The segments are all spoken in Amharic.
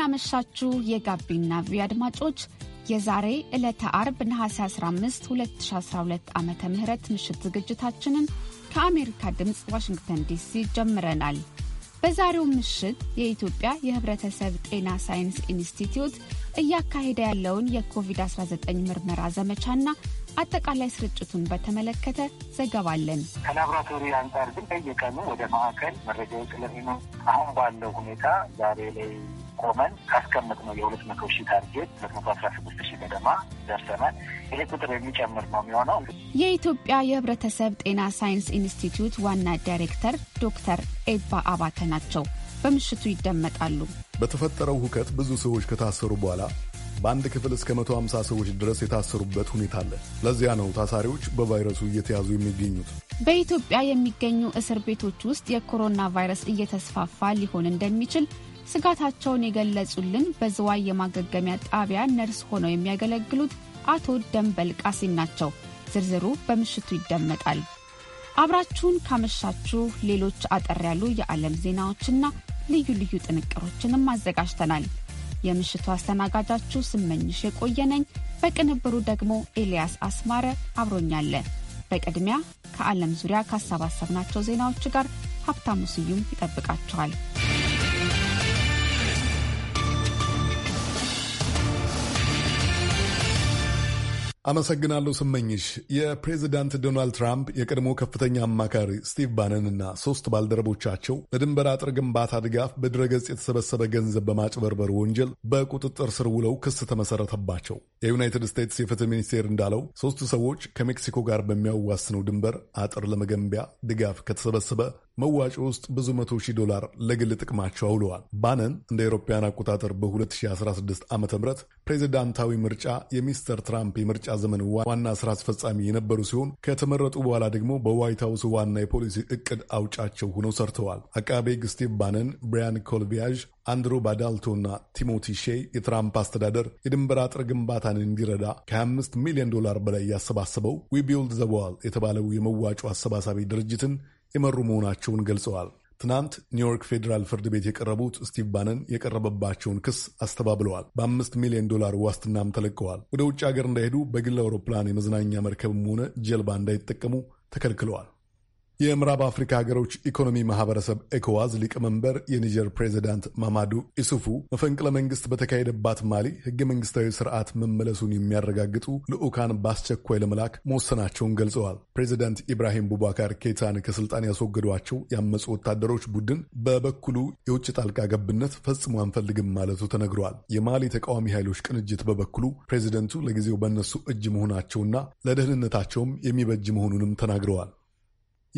እንደምናመሻችሁ የጋቢና ቪ አድማጮች የዛሬ ዕለተ አርብ ነሐሴ 15 2012 ዓ ም ምሽት ዝግጅታችንን ከአሜሪካ ድምፅ ዋሽንግተን ዲሲ ጀምረናል። በዛሬው ምሽት የኢትዮጵያ የሕብረተሰብ ጤና ሳይንስ ኢንስቲትዩት እያካሄደ ያለውን የኮቪድ-19 ምርመራ ዘመቻና አጠቃላይ ስርጭቱን በተመለከተ ዘገባለን። ከላቦራቶሪ አንጻር ግን በየቀኑ ወደ ማዕከል መረጃዎች ስለሚኖ አሁን ባለው ሁኔታ ዛሬ ላይ ቆመን ካስቀመጥነው የሁለት መቶ ሺህ ታርጌት ሁለት መቶ አስራ ስድስት ሺህ ገደማ ደርሰናል። ይሄ ቁጥር የሚጨምር ነው የሚሆነው። የኢትዮጵያ የህብረተሰብ ጤና ሳይንስ ኢንስቲትዩት ዋና ዳይሬክተር ዶክተር ኤባ አባተ ናቸው። በምሽቱ ይደመጣሉ። በተፈጠረው ሁከት ብዙ ሰዎች ከታሰሩ በኋላ በአንድ ክፍል እስከ 150 ሰዎች ድረስ የታሰሩበት ሁኔታ አለ። ለዚያ ነው ታሳሪዎች በቫይረሱ እየተያዙ የሚገኙት። በኢትዮጵያ የሚገኙ እስር ቤቶች ውስጥ የኮሮና ቫይረስ እየተስፋፋ ሊሆን እንደሚችል ስጋታቸውን የገለጹልን በዝዋይ የማገገሚያ ጣቢያ ነርስ ሆነው የሚያገለግሉት አቶ ደንበል ቃሲም ናቸው። ዝርዝሩ በምሽቱ ይደመጣል። አብራችሁን ካመሻችሁ ሌሎች አጠር ያሉ የዓለም ዜናዎችና ልዩ ልዩ ጥንቅሮችንም አዘጋጅተናል። የምሽቱ አስተናጋጃችሁ ስመኝሽ የቆየነኝ፣ በቅንብሩ ደግሞ ኤልያስ አስማረ አብሮኛለ። በቅድሚያ ከዓለም ዙሪያ ካሰባሰብናቸው ዜናዎች ጋር ሀብታሙ ስዩም ይጠብቃችኋል። አመሰግናለሁ ስመኝሽ። የፕሬዚዳንት ዶናልድ ትራምፕ የቀድሞ ከፍተኛ አማካሪ ስቲቭ ባነንና ሶስት ባልደረቦቻቸው ለድንበር አጥር ግንባታ ድጋፍ በድረገጽ የተሰበሰበ ገንዘብ በማጭበርበር ወንጀል በቁጥጥር ስር ውለው ክስ ተመሰረተባቸው። የዩናይትድ ስቴትስ የፍትህ ሚኒስቴር እንዳለው ሶስቱ ሰዎች ከሜክሲኮ ጋር በሚያዋስነው ድንበር አጥር ለመገንቢያ ድጋፍ ከተሰበሰበ መዋጮ ውስጥ ብዙ መቶ ሺህ ዶላር ለግል ጥቅማቸው አውለዋል። ባነን እንደ አውሮፓውያን አቆጣጠር በ2016 ዓ ም ፕሬዚዳንታዊ ምርጫ የሚስተር ትራምፕ የምርጫ የምርጫ ዘመን ዋና ስራ አስፈጻሚ የነበሩ ሲሆን ከተመረጡ በኋላ ደግሞ በዋይት ሀውስ ዋና የፖሊሲ እቅድ አውጫቸው ሆነው ሰርተዋል። አቃቤ ሕግ ስቲቭ ባነን፣ ብሪያን ኮልቪያዥ አንድሮ ባዳልቶና ቲሞቲ ሼይ የትራምፕ አስተዳደር የድንበር አጥር ግንባታን እንዲረዳ ከ25 ሚሊዮን ዶላር በላይ ያሰባሰበው ዊቢውልድ ዘ ዋል የተባለው የመዋጮ አሰባሳቢ ድርጅትን የመሩ መሆናቸውን ገልጸዋል። ትናንት ኒውዮርክ ፌዴራል ፍርድ ቤት የቀረቡት ስቲቭ ባነን የቀረበባቸውን ክስ አስተባብለዋል። በአምስት ሚሊዮን ዶላር ዋስትናም ተለቀዋል። ወደ ውጭ ሀገር እንዳይሄዱ በግል አውሮፕላን የመዝናኛ መርከብም ሆነ ጀልባ እንዳይጠቀሙ ተከልክለዋል። የምዕራብ አፍሪካ ሀገሮች ኢኮኖሚ ማህበረሰብ ኤኮዋዝ ሊቀመንበር የኒጀር ፕሬዚዳንት ማማዱ ኢሱፉ መፈንቅለ መንግስት በተካሄደባት ማሊ ህገ መንግስታዊ ስርዓት መመለሱን የሚያረጋግጡ ልዑካን በአስቸኳይ ለመላክ መወሰናቸውን ገልጸዋል። ፕሬዚዳንት ኢብራሂም ቡባካር ኬታን ከስልጣን ያስወገዷቸው ያመፁ ወታደሮች ቡድን በበኩሉ የውጭ ጣልቃ ገብነት ፈጽሞ አንፈልግም ማለቱ ተነግሯል። የማሊ ተቃዋሚ ኃይሎች ቅንጅት በበኩሉ ፕሬዚደንቱ ለጊዜው በእነሱ እጅ መሆናቸውና ለደህንነታቸውም የሚበጅ መሆኑንም ተናግረዋል።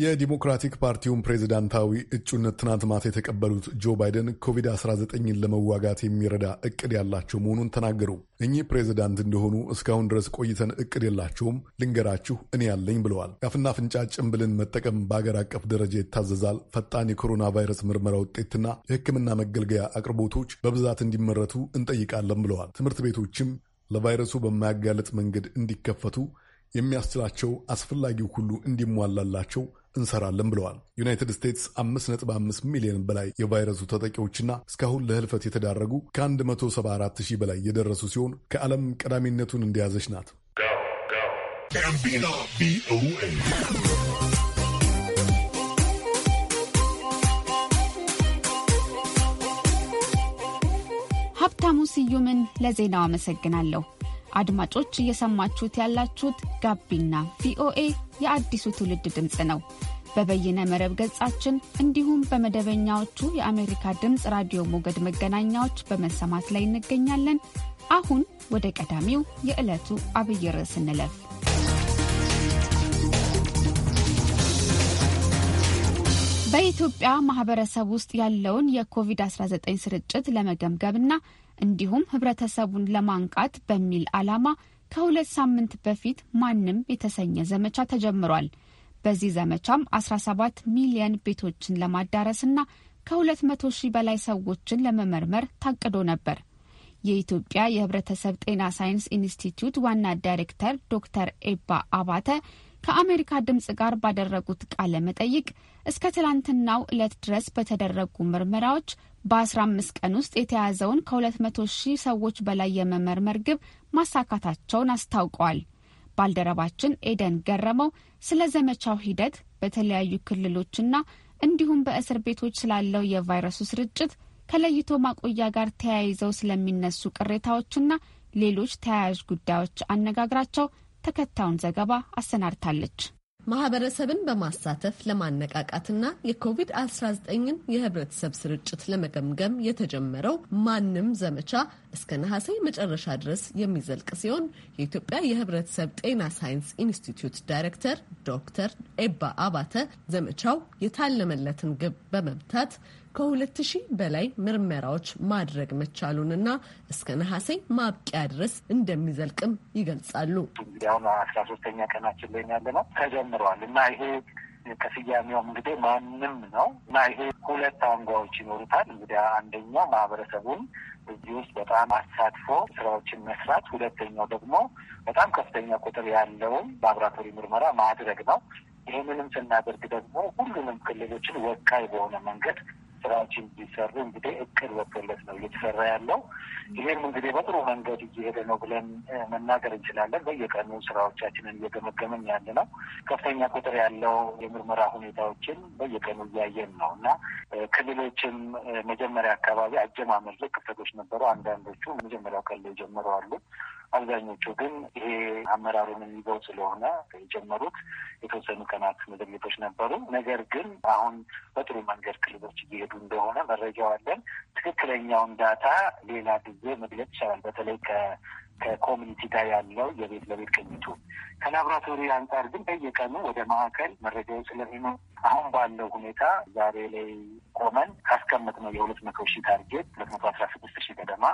የዲሞክራቲክ ፓርቲውን ፕሬዚዳንታዊ እጩነት ትናንት ማታ የተቀበሉት ጆ ባይደን ኮቪድ-19ን ለመዋጋት የሚረዳ እቅድ ያላቸው መሆኑን ተናገሩ። እኚህ ፕሬዚዳንት እንደሆኑ እስካሁን ድረስ ቆይተን እቅድ የላቸውም፣ ልንገራችሁ እኔ ያለኝ ብለዋል። የአፍና አፍንጫ ጭንብልን መጠቀም በአገር አቀፍ ደረጃ ይታዘዛል። ፈጣን የኮሮና ቫይረስ ምርመራ ውጤትና የሕክምና መገልገያ አቅርቦቶች በብዛት እንዲመረቱ እንጠይቃለን ብለዋል። ትምህርት ቤቶችም ለቫይረሱ በማያጋለጥ መንገድ እንዲከፈቱ የሚያስችላቸው አስፈላጊው ሁሉ እንዲሟላላቸው እንሰራለን ብለዋል። ዩናይትድ ስቴትስ 5.5 ሚሊዮን በላይ የቫይረሱ ተጠቂዎችና እስካሁን ለህልፈት የተዳረጉ ከ174 ሺህ በላይ የደረሱ ሲሆን ከዓለም ቀዳሚነቱን እንደያዘች ናት። ሀብታሙ ስዩምን ለዜናው አመሰግናለሁ። አድማጮች እየሰማችሁት ያላችሁት ጋቢና ቪኦኤ የአዲሱ ትውልድ ድምፅ ነው። በበይነ መረብ ገጻችን እንዲሁም በመደበኛዎቹ የአሜሪካ ድምፅ ራዲዮ ሞገድ መገናኛዎች በመሰማት ላይ እንገኛለን። አሁን ወደ ቀዳሚው የዕለቱ አብይ ርዕስ እንለፍ። በኢትዮጵያ ማህበረሰብ ውስጥ ያለውን የኮቪድ-19 ስርጭት ለመገምገምና እንዲሁም ህብረተሰቡን ለማንቃት በሚል ዓላማ ከሁለት ሳምንት በፊት ማንም የተሰኘ ዘመቻ ተጀምሯል። በዚህ ዘመቻም 17 ሚሊየን ቤቶችን ለማዳረስና ከ200 ሺህ በላይ ሰዎችን ለመመርመር ታቅዶ ነበር። የኢትዮጵያ የህብረተሰብ ጤና ሳይንስ ኢንስቲትዩት ዋና ዳይሬክተር ዶክተር ኤባ አባተ ከአሜሪካ ድምፅ ጋር ባደረጉት ቃለ መጠይቅ እስከ ትላንትናው ዕለት ድረስ በተደረጉ ምርመራዎች በ15 ቀን ውስጥ የተያዘውን ከ200 ሺህ ሰዎች በላይ የመመርመር ግብ ማሳካታቸውን አስታውቀዋል። ባልደረባችን ኤደን ገረመው ስለ ዘመቻው ሂደት በተለያዩ ክልሎችና እንዲሁም በእስር ቤቶች ስላለው የቫይረሱ ስርጭት ከለይቶ ማቆያ ጋር ተያይዘው ስለሚነሱ ቅሬታዎችና ሌሎች ተያያዥ ጉዳዮች አነጋግራቸው ተከታዩን ዘገባ አሰናድታለች። ማህበረሰብን በማሳተፍ ለማነቃቃትና የኮቪድ-19ን የህብረተሰብ ስርጭት ለመገምገም የተጀመረው ማንም ዘመቻ እስከ ነሐሴ መጨረሻ ድረስ የሚዘልቅ ሲሆን የኢትዮጵያ የህብረተሰብ ጤና ሳይንስ ኢንስቲትዩት ዳይሬክተር ዶክተር ኤባ አባተ ዘመቻው የታለመለትን ግብ በመምታት ከሁለት ሺህ በላይ ምርመራዎች ማድረግ መቻሉንና እስከ ነሐሴ ማብቂያ ድረስ እንደሚዘልቅም ይገልጻሉ። እንግዲህ አሁን አስራ ሶስተኛ ቀናችን ላይ ያለ ነው ተጀምረዋል እና ይሄ ከስያሜውም እንግዲህ ማንም ነው እና ይሄ ሁለት አንጓዎች ይኖሩታል። እንግዲህ አንደኛው ማህበረሰቡን እዚህ ውስጥ በጣም አሳትፎ ስራዎችን መስራት፣ ሁለተኛው ደግሞ በጣም ከፍተኛ ቁጥር ያለውን ላቦራቶሪ ምርመራ ማድረግ ነው። ይህንንም ስናደርግ ደግሞ ሁሉንም ክልሎችን ወካይ በሆነ መንገድ ስራዎችን እንዲሰሩ እንግዲህ እቅድ ወጥቶለት ነው እየተሰራ ያለው። ይህም እንግዲህ በጥሩ መንገድ እየሄደ ነው ብለን መናገር እንችላለን። በየቀኑ ስራዎቻችንን እየገመገምን ያለ ነው። ከፍተኛ ቁጥር ያለው የምርመራ ሁኔታዎችን በየቀኑ እያየን ነው እና ክልሎችም መጀመሪያ አካባቢ አጀማመር ላይ ክፍተቶች ነበሩ። አንዳንዶቹ መጀመሪያው ቀን ላይ ጀምረዋሉ። አብዛኞቹ ግን ይሄ አመራሩን የሚዘው ስለሆነ የጀመሩት የተወሰኑ ቀናት መዘግየቶች ነበሩ። ነገር ግን አሁን በጥሩ መንገድ ክልሎች እየሄዱ እንደሆነ መረጃው አለን። ትክክለኛውን ዳታ ሌላ ጊዜ መግለጽ ይቻላል። በተለይ ከኮሚኒቲ ጋር ያለው የቤት ለቤት ቅኝቱ ከላብራቶሪ አንጻር ግን በየቀኑ ወደ ማዕከል መረጃዎች ስለሚኖር አሁን ባለው ሁኔታ ዛሬ ላይ ቆመን ነው የሁለት መቶ ሺህ ታርጌት ሁለት መቶ አስራ ስድስት ሺህ ገደማ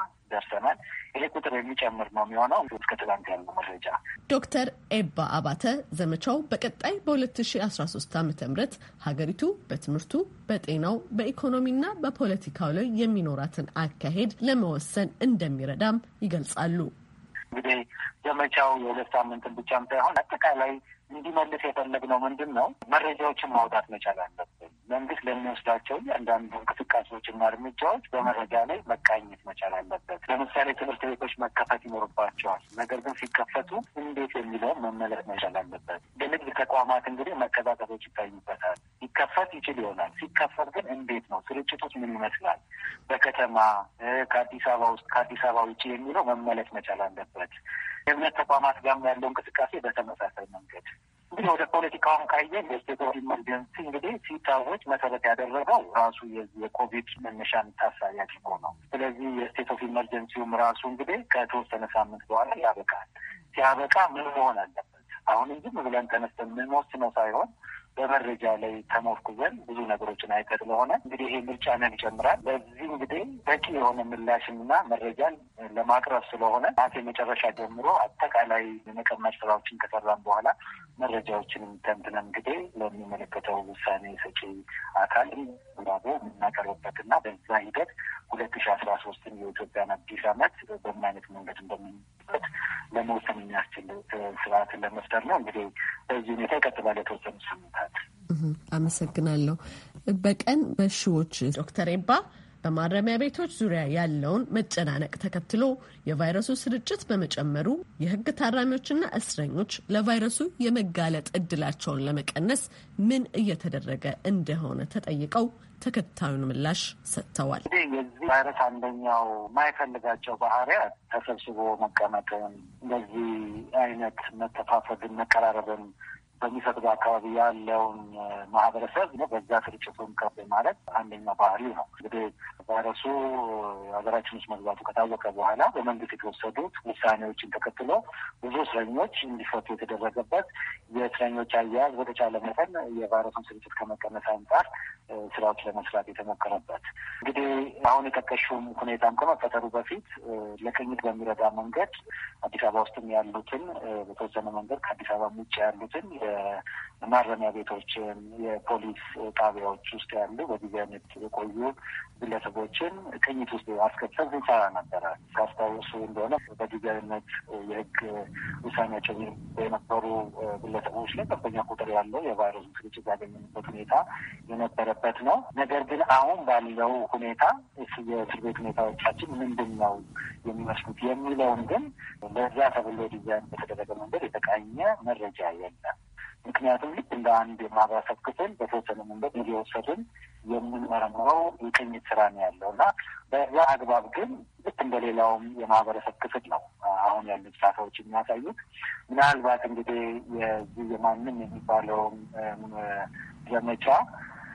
የሚጨምር ነው የሚሆነው። እስከ ትላንት ያለው መረጃ ዶክተር ኤባ አባተ ዘመቻው በቀጣይ በ2013 ዓ ም ሀገሪቱ በትምህርቱ፣ በጤናው፣ በኢኮኖሚና በፖለቲካው ላይ የሚኖራትን አካሄድ ለመወሰን እንደሚረዳም ይገልጻሉ። እንግዲህ ዘመቻው የሁለት ሳምንትን ብቻም ሳይሆን አጠቃላይ እንዲመልስ የፈለግነው ምንድን ነው መረጃዎችን ማውጣት መቻል አለብን። መንግስት ለሚወስዳቸው አንዳንዱ እንቅስቃሴዎችና እርምጃዎች በመረጃ ላይ መቃኘት መቻል አለበት። ለምሳሌ ትምህርት ቤቶች መከፈት ይኖርባቸዋል። ነገር ግን ሲከፈቱ እንዴት የሚለውን መመለስ መቻል አለበት። የንግድ ተቋማት እንግዲህ መቀጣጠሎች ይታዩበታል። ሊከፈት ይችል ይሆናል። ሲከፈት ግን እንዴት ነው ስርጭቶች ምን ይመስላል? በከተማ ከአዲስ አበባ ውስጥ ከአዲስ አበባ ውጭ የሚለው መመለስ መቻል አለበት። የእምነት ተቋማት ጋር ያለው እንቅስቃሴ በተመሳሳይ መንገድ ወደ ፖለቲካውን ካየን የስቴት ኦፍ ኢመርጀንሲ እንግዲህ ሲታወጅ መሰረት ያደረገው ራሱ የኮቪድ መነሻን ታሳቢ አድርጎ ነው። ስለዚህ የስቴት ኦፍ ኢመርጀንሲውም ራሱ እንግዲህ ከተወሰነ ሳምንት በኋላ ያበቃል። ሲያበቃ ምን መሆን አለበት? አሁን እንጂ ብለን ተነስተን የምንወስነው ሳይሆን በመረጃ ላይ ተሞርኩዘን ብዙ ነገሮችን አይተ ስለሆነ እንግዲህ ይሄ ምርጫንን ይጨምራል። በዚህ እንግዲህ በቂ የሆነ ምላሽንና መረጃን ለማቅረብ ስለሆነ ናት መጨረሻ ጀምሮ አጠቃላይ የመቀመጥ ስራዎችን ከሰራን በኋላ መረጃዎችን ተንትነን እንግዲህ ለሚመለከተው ውሳኔ ሰጪ አካል ራቦ የምናቀርብበትና በዛ ሂደት ሁለት ሺ አስራ ሶስትን የኢትዮጵያን አዲስ ዓመት በምን አይነት መንገድ እንደምንበት ለመወሰን የሚያስችል ስርዓትን ለመፍጠር ነው። እንግዲህ በዚህ ሁኔታ ይቀጥላል የተወሰኑ ስምንት ለመፍታት። አመሰግናለሁ። በቀን በሺዎች ዶክተር ኤባ በማረሚያ ቤቶች ዙሪያ ያለውን መጨናነቅ ተከትሎ የቫይረሱ ስርጭት በመጨመሩ የሕግ ታራሚዎችና እስረኞች ለቫይረሱ የመጋለጥ እድላቸውን ለመቀነስ ምን እየተደረገ እንደሆነ ተጠይቀው ተከታዩን ምላሽ ሰጥተዋል። የዚህ ቫይረስ አንደኛው የማይፈልጋቸው ባህሪያት ተሰብስቦ መቀመጥን፣ እንደዚህ አይነት መተፋፈግን፣ መቀራረብን በሚሰጥ አካባቢ ያለውን ማህበረሰብ በዛ ስርጭቱን ከብ ማለት አንደኛው ባህሪ ነው እንግዲህ ቫይረሱ ሀገራችን ውስጥ መግባቱ ከታወቀ በኋላ በመንግስት የተወሰዱት ውሳኔዎችን ተከትሎ ብዙ እስረኞች እንዲፈቱ የተደረገበት የእስረኞች አያያዝ በተቻለ መጠን የቫይረሱን ስርጭት ከመቀነስ አንጻር ስራዎች ለመስራት የተሞከረበት እንግዲህ አሁን የጠቀሽውም ሁኔታም ከመፈጠሩ በፊት ለቅኝት በሚረዳ መንገድ አዲስ አበባ ውስጥም ያሉትን በተወሰነ መንገድ ከአዲስ አበባ ውጭ ያሉትን የማረሚያ ቤቶችን፣ የፖሊስ ጣቢያዎች ውስጥ ያሉ በጊዜያዊነት የቆዩ ግለሰቦች ህጎችን ቅኝት ውስጥ አስከተል ስንሰራ ነበረ። ካስታወሱ እንደሆነ በጊዜያዊነት የህግ ውሳኔያቸው የነበሩ ግለሰቦች ላይ ከፍተኛ ቁጥር ያለው የቫይረሱ ስርጭት ያገኘንበት ሁኔታ የነበረበት ነው። ነገር ግን አሁን ባለው ሁኔታ የእስር ቤት ሁኔታዎቻችን ምንድን ነው የሚመስሉት የሚለውን ግን ለዛ ተብሎ ዲዛይን በተደረገ መንገድ የተቃኘ መረጃ የለም። ምክንያቱም ልክ እንደ አንድ የማህበረሰብ ክፍል በተወሰነ መንገድ እየወሰድን የምንመረምረው የቅኝት ስራ ነው ያለው እና በዛ አግባብ ግን ልክ እንደሌላውም የማህበረሰብ ክፍል ነው አሁን ያሉ ሳፋዎች የሚያሳዩት። ምናልባት እንግዲህ የዚህ የማንም የሚባለውም ዘመቻ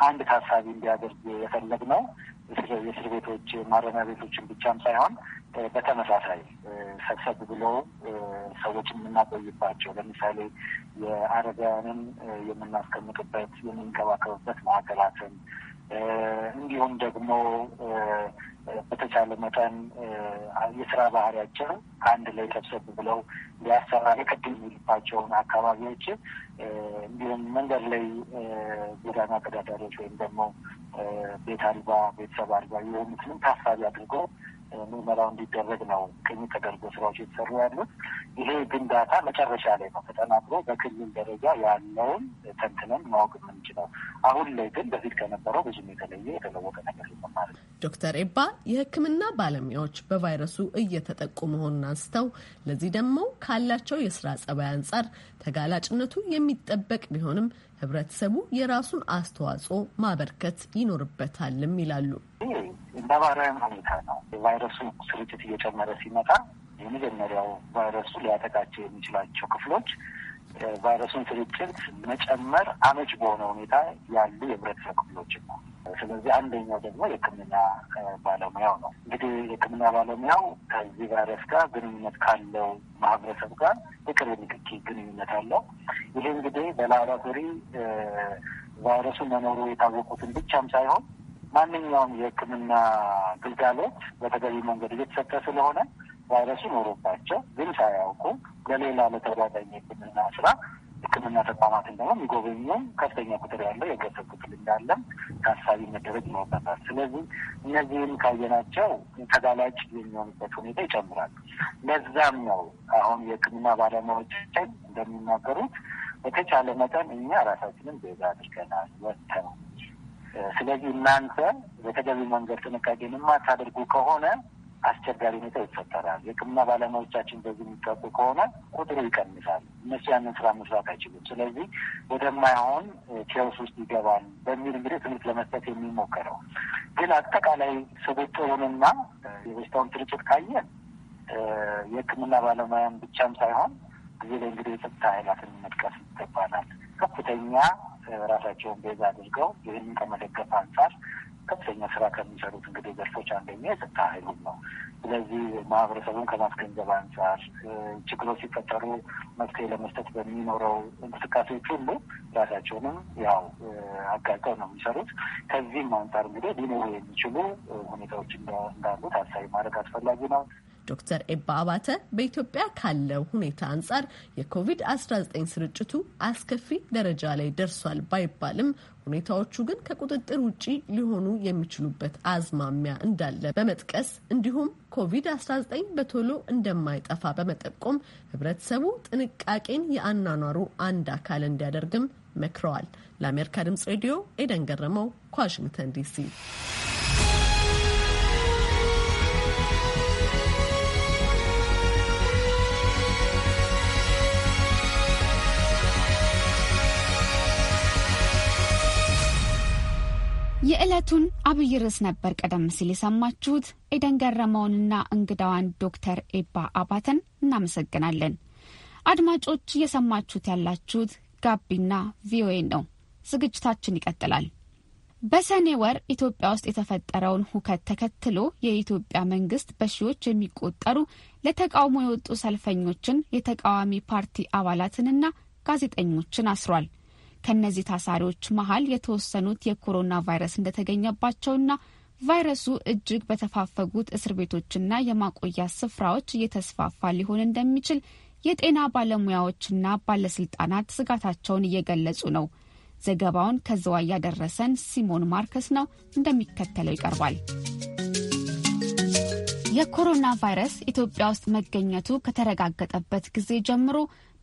አንድ ታሳቢ እንዲያደርግ የፈለግ ነው የእስር ቤቶች ማረሚያ ቤቶችን ብቻም ሳይሆን በተመሳሳይ ሰብሰብ ብለው ሰዎችን የምናቆይባቸው ለምሳሌ የአረጋውያንን የምናስቀምጥበት የምንከባከብበት ማዕከላትን እንዲሁም ደግሞ በተቻለ መጠን የስራ ባህሪያቸው አንድ ላይ ሰብሰብ ብለው ሊያሰራ ለቀድ የሚልባቸውን አካባቢዎች እንዲሁም መንገድ ላይ ጎዳና ተዳዳሪዎች ወይም ደግሞ ቤት አልባ ቤተሰብ አልባ የሆኑትንም ታሳቢ አድርገው ምርመራው እንዲደረግ ነው ቅኝ ተደርጎ ስራዎች የተሰሩ ያሉት። ይሄ ግንዳታ መጨረሻ ላይ ነው ተጠናክሮ በክልል ደረጃ ያለውን ተንትነን ማወቅ የምንችለው። አሁን ላይ ግን በፊት ከነበረው ብዙም የተለየ የተለወቀ ነገር የለም ማለት ነው። ዶክተር ኤባ የሕክምና ባለሙያዎች በቫይረሱ እየተጠቁ መሆኑን አንስተው ለዚህ ደግሞ ካላቸው የስራ ጸባይ አንጻር ተጋላጭነቱ የሚጠበቅ ቢሆንም ህብረተሰቡ የራሱን አስተዋጽኦ ማበርከት ይኖርበታልም ይላሉ። ነባራዊ ሁኔታ ነው። የቫይረሱ ስርጭት እየጨመረ ሲመጣ የመጀመሪያው ቫይረሱ ሊያጠቃቸው የሚችላቸው ክፍሎች የቫይረሱን ስርጭት መጨመር አመች በሆነ ሁኔታ ያሉ የህብረተሰብ ክፍሎች ነው። ስለዚህ አንደኛው ደግሞ የህክምና ባለሙያው ነው። እንግዲህ የህክምና ባለሙያው ከዚህ ቫይረስ ጋር ግንኙነት ካለው ማህበረሰብ ጋር የቅርብ ንክኪ ግንኙነት አለው። ይህ እንግዲህ በላብራቶሪ ቫይረሱ መኖሩ የታወቁትን ብቻም ሳይሆን ማንኛውም የህክምና ግልጋሎት በተገቢ መንገድ እየተሰጠ ስለሆነ ቫይረሱ ኖሮባቸው ግን ሳያውቁ ለሌላ ለተጓዳኝ ህክምና ስራ ህክምና ተቋማትን ደግሞ የሚጎበኙም ከፍተኛ ቁጥር ያለው የገሰብ ክፍል እንዳለም ታሳቢ መደረግ ይኖርበታል። ስለዚህ እነዚህም ካየናቸው ተጋላጭ የሚሆንበት ሁኔታ ይጨምራል። ለዛም ነው አሁን የህክምና ባለሙያዎች እንደሚናገሩት በተቻለ መጠን እኛ ራሳችንን ቤዛ አድርገናል ወጥተን። ስለዚህ እናንተ በተገቢ መንገድ ጥንቃቄ የማታደርጉ ከሆነ አስቸጋሪ ሁኔታ ይፈጠራል። የሕክምና ባለሙያዎቻችን በዚህ የሚጠቁ ከሆነ ቁጥሩ ይቀንሳል። እነሱ ያንን ስራ መስራት አይችሉም። ስለዚህ ወደማይሆን ኬዎስ ውስጥ ይገባል በሚል እንግዲህ ትምህርት ለመስጠት የሚሞከረው ግን አጠቃላይ ስብጥሩንና የበሽታውን ስርጭት ካየን የሕክምና ባለሙያን ብቻም ሳይሆን ጊዜ ላይ እንግዲህ የጸጥታ ኃይላትን መጥቀስ ይገባናል። ከፍተኛ ራሳቸውን ቤዛ አድርገው ይህንን ከመደገፍ አንጻር ከፍተኛ ስራ ከሚሰሩት እንግዲህ ዘርፎች አንደኛ የጸጥታ ኃይሉም ነው። ስለዚህ ማህበረሰቡን ከማስገንዘብ አንጻር ችግሮች ሲፈጠሩ መፍትሄ ለመስጠት በሚኖረው እንቅስቃሴዎች ሁሉ ራሳቸውንም ያው አጋልጠው ነው የሚሰሩት። ከዚህም አንጻር እንግዲህ ሊኖሩ የሚችሉ ሁኔታዎች እንዳሉ ታሳቢ ማድረግ አስፈላጊ ነው። ዶክተር ኤባ አባተ በኢትዮጵያ ካለው ሁኔታ አንጻር የኮቪድ-19 ስርጭቱ አስከፊ ደረጃ ላይ ደርሷል ባይባልም ሁኔታዎቹ ግን ከቁጥጥር ውጪ ሊሆኑ የሚችሉበት አዝማሚያ እንዳለ በመጥቀስ እንዲሁም ኮቪድ-19 በቶሎ እንደማይጠፋ በመጠቆም ህብረተሰቡ ጥንቃቄን የአኗኗሩ አንድ አካል እንዲያደርግም መክረዋል። ለአሜሪካ ድምጽ ሬዲዮ ኤደን ገረመው ከዋሽንግተን ዲሲ የዕለቱን አብይ ርዕስ ነበር ቀደም ሲል የሰማችሁት። ኤደን ገረመውንና እንግዳዋን ዶክተር ኤባ አባተን እናመሰግናለን። አድማጮች እየሰማችሁት ያላችሁት ጋቢና ቪኦኤ ነው። ዝግጅታችን ይቀጥላል። በሰኔ ወር ኢትዮጵያ ውስጥ የተፈጠረውን ሁከት ተከትሎ የኢትዮጵያ መንግስት በሺዎች የሚቆጠሩ ለተቃውሞ የወጡ ሰልፈኞችን፣ የተቃዋሚ ፓርቲ አባላትንና ጋዜጠኞችን አስሯል። ከእነዚህ ታሳሪዎች መሀል የተወሰኑት የኮሮና ቫይረስ እንደተገኘባቸውና ቫይረሱ እጅግ በተፋፈጉት እስር ቤቶችና የማቆያ ስፍራዎች እየተስፋፋ ሊሆን እንደሚችል የጤና ባለሙያዎችና ባለስልጣናት ስጋታቸውን እየገለጹ ነው። ዘገባውን ከዝዋይ ያደረሰን ሲሞን ማርከስ ነው፣ እንደሚከተለው ይቀርባል። የኮሮና ቫይረስ ኢትዮጵያ ውስጥ መገኘቱ ከተረጋገጠበት ጊዜ ጀምሮ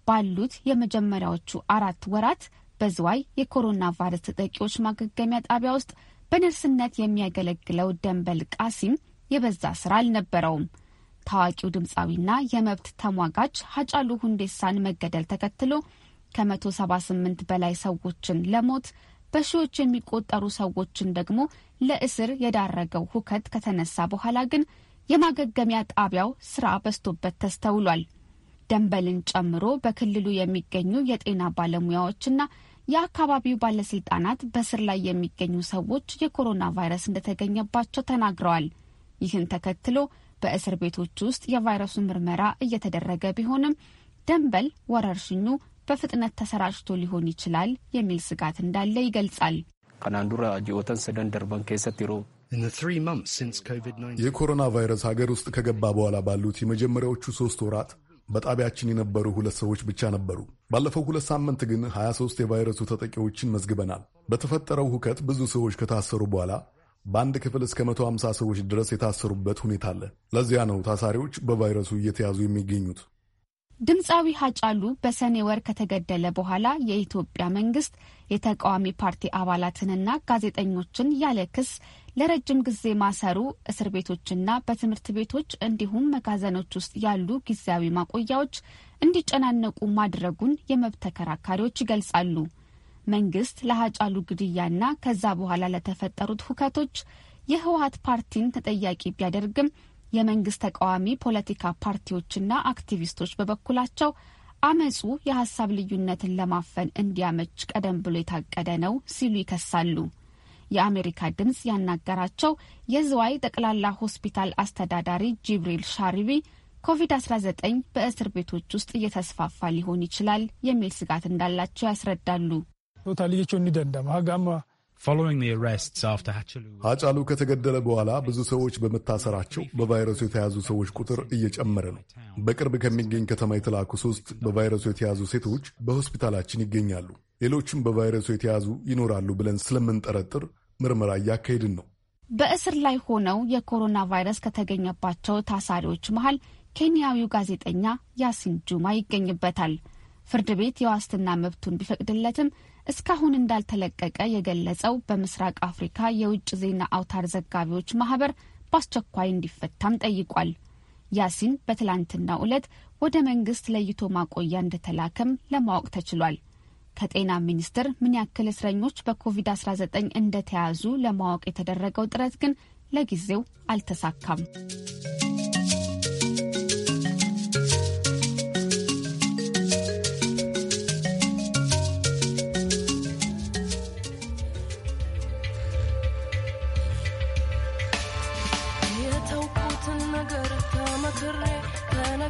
ባሉት የመጀመሪያዎቹ አራት ወራት በዝዋይ የኮሮና ቫይረስ ተጠቂዎች ማገገሚያ ጣቢያ ውስጥ በነርስነት የሚያገለግለው ደንበል ቃሲም የበዛ ስራ አልነበረውም። ታዋቂው ድምፃዊና የመብት ተሟጋች ሀጫሉ ሁንዴሳን መገደል ተከትሎ ከ178 በላይ ሰዎችን ለሞት በሺዎች የሚቆጠሩ ሰዎችን ደግሞ ለእስር የዳረገው ሁከት ከተነሳ በኋላ ግን የማገገሚያ ጣቢያው ስራ በስቶበት ተስተውሏል። ደንበልን ጨምሮ በክልሉ የሚገኙ የጤና ባለሙያዎችና የአካባቢው ባለስልጣናት በስር ላይ የሚገኙ ሰዎች የኮሮና ቫይረስ እንደተገኘባቸው ተናግረዋል። ይህን ተከትሎ በእስር ቤቶች ውስጥ የቫይረሱ ምርመራ እየተደረገ ቢሆንም ደንበል ወረርሽኙ በፍጥነት ተሰራጭቶ ሊሆን ይችላል የሚል ስጋት እንዳለ ይገልጻል። ከናንዱራ ጂኦተን ሰደን ደርበን የኮሮና ቫይረስ ሀገር ውስጥ ከገባ በኋላ ባሉት የመጀመሪያዎቹ ሶስት ወራት በጣቢያችን የነበሩ ሁለት ሰዎች ብቻ ነበሩ። ባለፈው ሁለት ሳምንት ግን 23 የቫይረሱ ተጠቂዎችን መዝግበናል። በተፈጠረው ሁከት ብዙ ሰዎች ከታሰሩ በኋላ በአንድ ክፍል እስከ 150 ሰዎች ድረስ የታሰሩበት ሁኔታ አለ። ለዚያ ነው ታሳሪዎች በቫይረሱ እየተያዙ የሚገኙት። ድምፃዊ ሀጫሉ በሰኔ ወር ከተገደለ በኋላ የኢትዮጵያ መንግስት የተቃዋሚ ፓርቲ አባላትንና ጋዜጠኞችን ያለ ክስ ለረጅም ጊዜ ማሰሩ፣ እስር ቤቶችና በትምህርት ቤቶች እንዲሁም መጋዘኖች ውስጥ ያሉ ጊዜያዊ ማቆያዎች እንዲጨናነቁ ማድረጉን የመብት ተከራካሪዎች ይገልጻሉ። መንግስት ለሀጫሉ ግድያና ከዛ በኋላ ለተፈጠሩት ሁከቶች የህወሀት ፓርቲን ተጠያቂ ቢያደርግም የመንግስት ተቃዋሚ ፖለቲካ ፓርቲዎችና አክቲቪስቶች በበኩላቸው አመፁ የሀሳብ ልዩነትን ለማፈን እንዲያመች ቀደም ብሎ የታቀደ ነው ሲሉ ይከሳሉ። የአሜሪካ ድምፅ ያናገራቸው የዝዋይ ጠቅላላ ሆስፒታል አስተዳዳሪ ጅብሪል ሻሪቢ ኮቪድ-19 በእስር ቤቶች ውስጥ እየተስፋፋ ሊሆን ይችላል የሚል ስጋት እንዳላቸው ያስረዳሉ። አጫሉ ከተገደለ በኋላ ብዙ ሰዎች በመታሰራቸው በቫይረሱ የተያዙ ሰዎች ቁጥር እየጨመረ ነው። በቅርብ ከሚገኝ ከተማ የተላኩ ሶስት በቫይረሱ የተያዙ ሴቶች በሆስፒታላችን ይገኛሉ። ሌሎችም በቫይረሱ የተያዙ ይኖራሉ ብለን ስለምንጠረጥር ምርመራ እያካሄድን ነው። በእስር ላይ ሆነው የኮሮና ቫይረስ ከተገኘባቸው ታሳሪዎች መሃል ኬንያዊው ጋዜጠኛ ያሲን ጁማ ይገኝበታል። ፍርድ ቤት የዋስትና መብቱን ቢፈቅድለትም እስካሁን እንዳልተለቀቀ የገለጸው በምስራቅ አፍሪካ የውጭ ዜና አውታር ዘጋቢዎች ማህበር በአስቸኳይ እንዲፈታም ጠይቋል። ያሲን በትላንትናው ዕለት ወደ መንግስት ለይቶ ማቆያ እንደተላከም ለማወቅ ተችሏል። ከጤና ሚኒስቴር ምን ያክል እስረኞች በኮቪድ-19 እንደተያዙ ለማወቅ የተደረገው ጥረት ግን ለጊዜው አልተሳካም።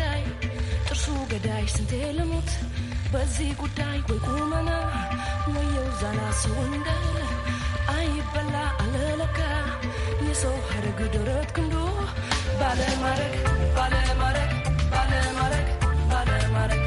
ገዳይ ጥርሱ ገዳይ ስንቴ ልሙት በዚህ ጉዳይ ወይ ቁመና ወየው ዛላ ሰው አይበላ አለለካ የሰው ሀረግ ደረት ክንዶ ባለማረግ ባለማረግ ባለማረግ ባለማረግ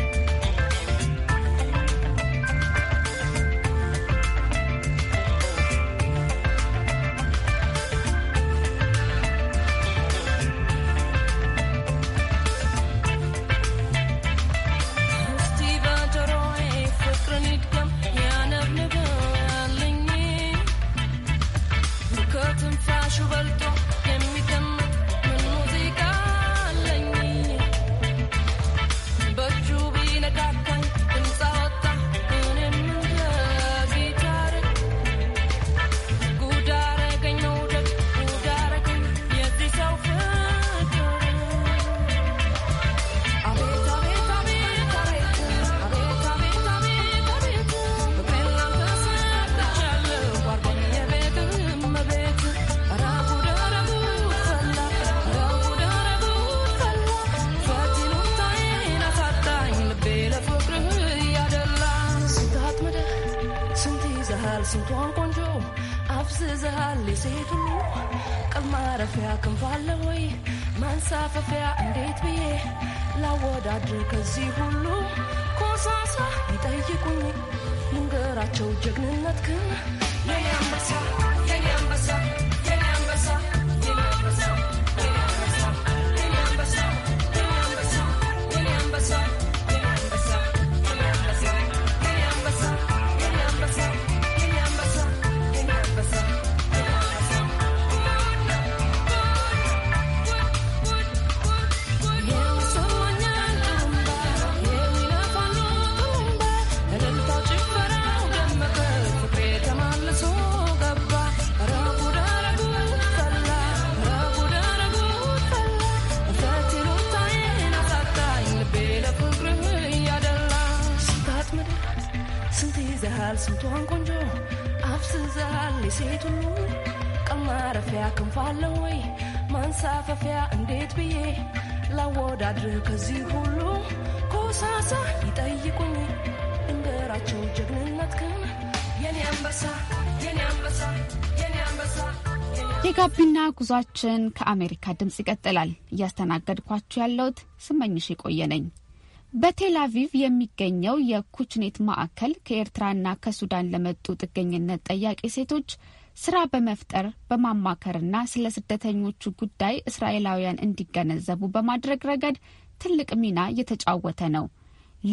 ስንቷን ቆንጆ አፍዝዝሃል የሴት ሁሉ ቀን ማረፊያ ክንፋለ ወይ ማንሳፈፊያ እንዴት ብዬ ላወዳድር ከዚህ ሁሉ ኮሳሳ ይጠይቁኝ ልንገራቸው ጀግንነት ግን ያምራል ስንትሆን ቆንጆ አፍስዛል የሴት ሁሉ ቀማረፊያ ማረፊያ ክንፋለው ወይ ማንሳፈፊያ እንዴት ብዬ ላወዳድር ከዚህ ሁሉ ኮሳሳ ይጠይቁኝ እንደራቸው ጀግንነት ግን የኔ አንበሳ የኔ አንበሳ የኔ አንበሳ የጋቢና ጉዟችን ከአሜሪካ ድምፅ ይቀጥላል። እያስተናገድኳችሁ ያለሁት ስመኝሽ የቆየ ነኝ። በቴል አቪቭ የሚገኘው የኩችኔት ማዕከል ከኤርትራና ከሱዳን ለመጡ ጥገኝነት ጠያቂ ሴቶች ስራ በመፍጠር በማማከርና ስለ ስደተኞቹ ጉዳይ እስራኤላውያን እንዲገነዘቡ በማድረግ ረገድ ትልቅ ሚና እየተጫወተ ነው።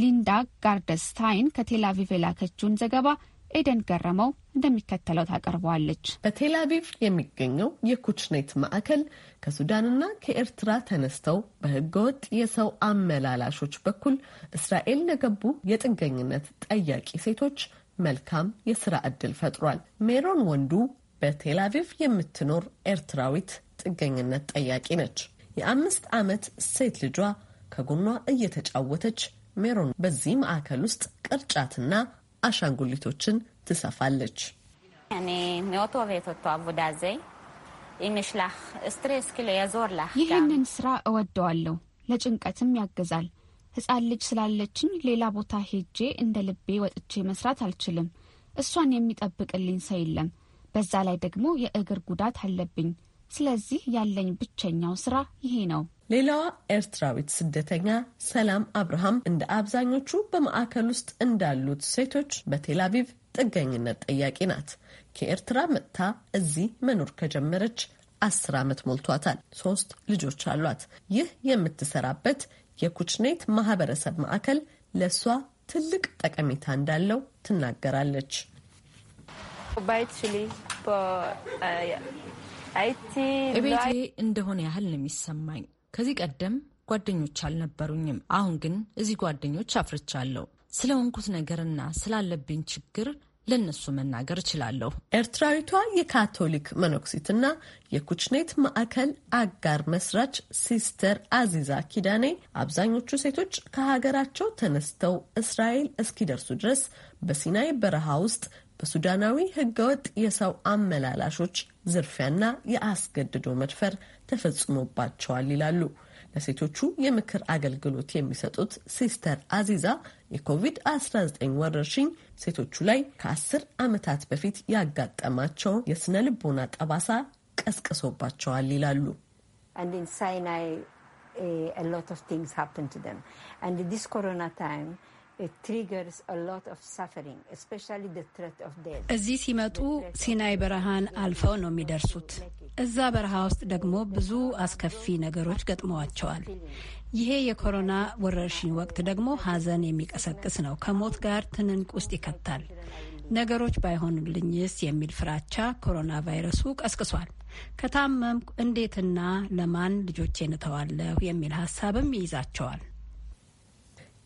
ሊንዳ ጋርደስታይን ከቴል አቪቭ የላከችውን ዘገባ ኤደን ገረመው እንደሚከተለው ታቀርበዋለች። በቴል አቪቭ የሚገኘው የኩችኔት ማዕከል ከሱዳንና ከኤርትራ ተነስተው በህገወጥ የሰው አመላላሾች በኩል እስራኤል ለገቡ የጥገኝነት ጠያቂ ሴቶች መልካም የስራ እድል ፈጥሯል። ሜሮን ወንዱ በቴል አቪቭ የምትኖር ኤርትራዊት ጥገኝነት ጠያቂ ነች። የአምስት ዓመት ሴት ልጇ ከጎኗ እየተጫወተች ሜሮን በዚህ ማዕከል ውስጥ ቅርጫትና አሻንጉሊቶችን ትሰፋለች። ይህንን ስራ እወደዋለሁ። ለጭንቀትም ያግዛል። ህጻን ልጅ ስላለችኝ ሌላ ቦታ ሄጄ እንደ ልቤ ወጥቼ መስራት አልችልም። እሷን የሚጠብቅልኝ ሰው የለም። በዛ ላይ ደግሞ የእግር ጉዳት አለብኝ። ስለዚህ ያለኝ ብቸኛው ስራ ይሄ ነው። ሌላዋ ኤርትራዊት ስደተኛ ሰላም አብርሃም እንደ አብዛኞቹ በማዕከል ውስጥ እንዳሉት ሴቶች በቴላቪቭ ጥገኝነት ጠያቂ ናት። ከኤርትራ መጥታ እዚህ መኖር ከጀመረች አስር ዓመት ሞልቷታል። ሶስት ልጆች አሏት። ይህ የምትሰራበት የኩችኔት ማህበረሰብ ማዕከል ለእሷ ትልቅ ጠቀሜታ እንዳለው ትናገራለች። እቤቴ እንደሆነ ያህል ነው የሚሰማኝ። ከዚህ ቀደም ጓደኞች አልነበሩኝም። አሁን ግን እዚህ ጓደኞች አፍርቻለሁ። ስለ ወንኩት ነገርና ስላለብኝ ችግር ለነሱ መናገር እችላለሁ። ኤርትራዊቷ የካቶሊክ መነኩሲትና የኩችኔት ማዕከል አጋር መስራች ሲስተር አዚዛ ኪዳኔ አብዛኞቹ ሴቶች ከሀገራቸው ተነስተው እስራኤል እስኪደርሱ ድረስ በሲናይ በረሃ ውስጥ በሱዳናዊ ህገወጥ የሰው አመላላሾች ዝርፊያና የአስገድዶ መድፈር ተፈጽሞባቸዋል ይላሉ። ለሴቶቹ የምክር አገልግሎት የሚሰጡት ሲስተር አዚዛ የኮቪድ-19 ወረርሽኝ ሴቶቹ ላይ ከአስር ዓመታት በፊት ያጋጠማቸው የስነ ልቦና ጠባሳ ቀስቅሶባቸዋል ይላሉ። ሳይናይ እዚህ ሲመጡ ሲናይ በረሃን አልፈው ነው የሚደርሱት። እዛ በረሃ ውስጥ ደግሞ ብዙ አስከፊ ነገሮች ገጥመዋቸዋል። ይሄ የኮሮና ወረርሽኝ ወቅት ደግሞ ሀዘን የሚቀሰቅስ ነው። ከሞት ጋር ትንንቅ ውስጥ ይከታል። ነገሮች ባይሆኑልኝስ የሚል ፍራቻ ኮሮና ቫይረሱ ቀስቅሷል። ከታመምኩ እንዴትና ለማን ልጆቼን እተዋለሁ የሚል ሀሳብም ይይዛቸዋል።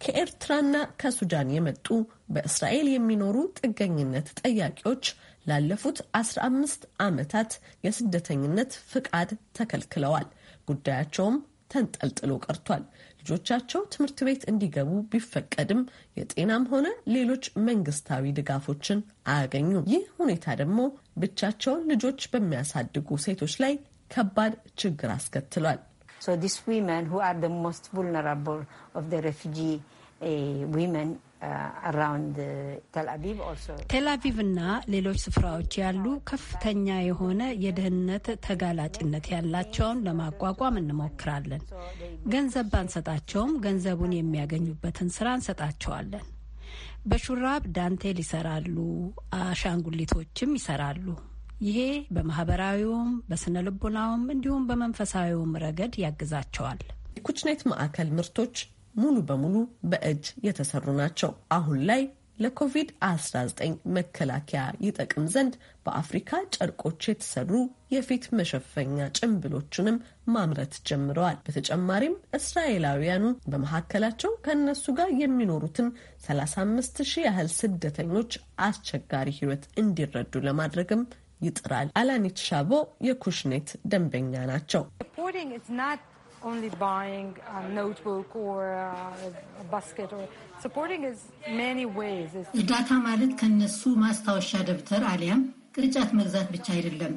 ከኤርትራና ከሱዳን የመጡ በእስራኤል የሚኖሩ ጥገኝነት ጠያቂዎች ላለፉት 15 ዓመታት የስደተኝነት ፍቃድ ተከልክለዋል። ጉዳያቸውም ተንጠልጥሎ ቀርቷል። ልጆቻቸው ትምህርት ቤት እንዲገቡ ቢፈቀድም የጤናም ሆነ ሌሎች መንግስታዊ ድጋፎችን አያገኙም። ይህ ሁኔታ ደግሞ ብቻቸውን ልጆች በሚያሳድጉ ሴቶች ላይ ከባድ ችግር አስከትሏል። So these women who are the most vulnerable of the refugee uh, women ቴል eh, eh, ሌሎች ስፍራዎች ያሉ ከፍተኛ የሆነ የደህንነት ተጋላጭነት ያላቸውን ለማቋቋም እንሞክራለን። ገንዘብ ባንሰጣቸውም ገንዘቡን የሚያገኙበትን ስራ እንሰጣቸዋለን። በሹራብ ዳንቴል ይሰራሉ፣ አሻንጉሊቶችም ይሰራሉ። ይሄ በማህበራዊውም በስነ ልቦናውም እንዲሁም በመንፈሳዊውም ረገድ ያግዛቸዋል። የኩችኔት ማዕከል ምርቶች ሙሉ በሙሉ በእጅ የተሰሩ ናቸው። አሁን ላይ ለኮቪድ-19 መከላከያ ይጠቅም ዘንድ በአፍሪካ ጨርቆች የተሰሩ የፊት መሸፈኛ ጭንብሎችንም ማምረት ጀምረዋል። በተጨማሪም እስራኤላውያኑ በመካከላቸው ከእነሱ ጋር የሚኖሩትን 35 ሺህ ያህል ስደተኞች አስቸጋሪ ሕይወት እንዲረዱ ለማድረግም ይጥራል። አላኒት ሻቦ የኩሽኔት ደንበኛ ናቸው። እርዳታ ማለት ከነሱ ማስታወሻ ደብተር አሊያም ቅርጫት መግዛት ብቻ አይደለም።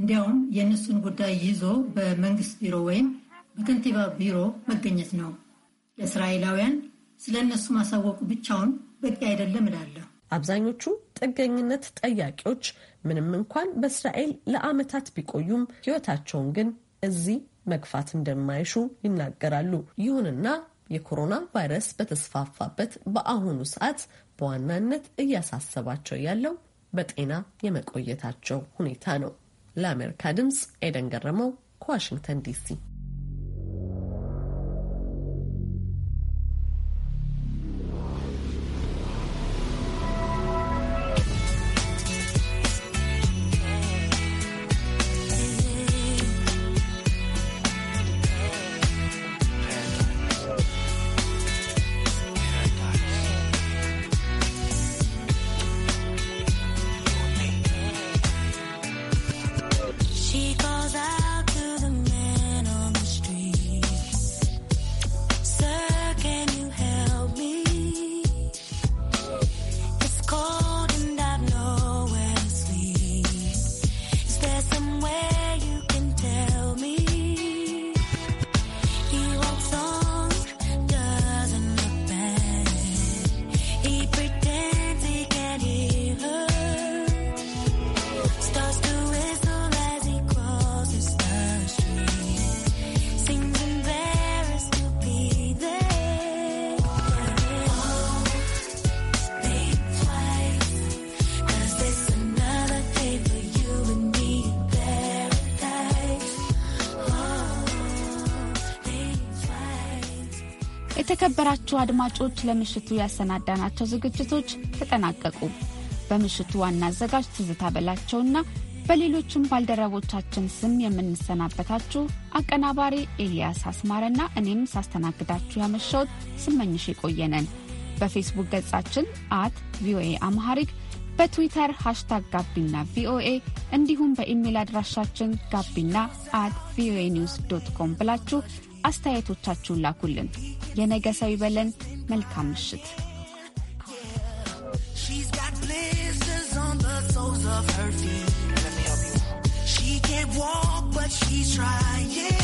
እንዲያውም የእነሱን ጉዳይ ይዞ በመንግስት ቢሮ ወይም በከንቲባ ቢሮ መገኘት ነው። ለእስራኤላውያን ስለ እነሱ ማሳወቁ ብቻውን በቂ አይደለም እላለሁ። አብዛኞቹ ጥገኝነት ጠያቂዎች ምንም እንኳን በእስራኤል ለዓመታት ቢቆዩም ሕይወታቸውን ግን እዚህ መግፋት እንደማይሹ ይናገራሉ። ይሁንና የኮሮና ቫይረስ በተስፋፋበት በአሁኑ ሰዓት በዋናነት እያሳሰባቸው ያለው በጤና የመቆየታቸው ሁኔታ ነው። ለአሜሪካ ድምፅ ኤደን ገረመው ከዋሽንግተን ዲሲ የተከበራችሁ አድማጮች ለምሽቱ ያሰናዳናቸው ዝግጅቶች ተጠናቀቁ። በምሽቱ ዋና አዘጋጅ ትዝታ በላቸውና በሌሎችም ባልደረቦቻችን ስም የምንሰናበታችሁ አቀናባሪ ኤልያስ አስማረና እኔም ሳስተናግዳችሁ ያመሸውት ስመኝሽ የቆየነን። በፌስቡክ ገጻችን አት ቪኦኤ አምሃሪክ በትዊተር ሃሽታግ ጋቢና ቪኦኤ እንዲሁም በኢሜይል አድራሻችን ጋቢና አት ቪኦኤ ኒውስ ዶት ኮም ብላችሁ አስተያየቶቻችሁን ላኩልን። የነገ ሰው ይበለን። መልካም ምሽት። She can't walk, but she's trying.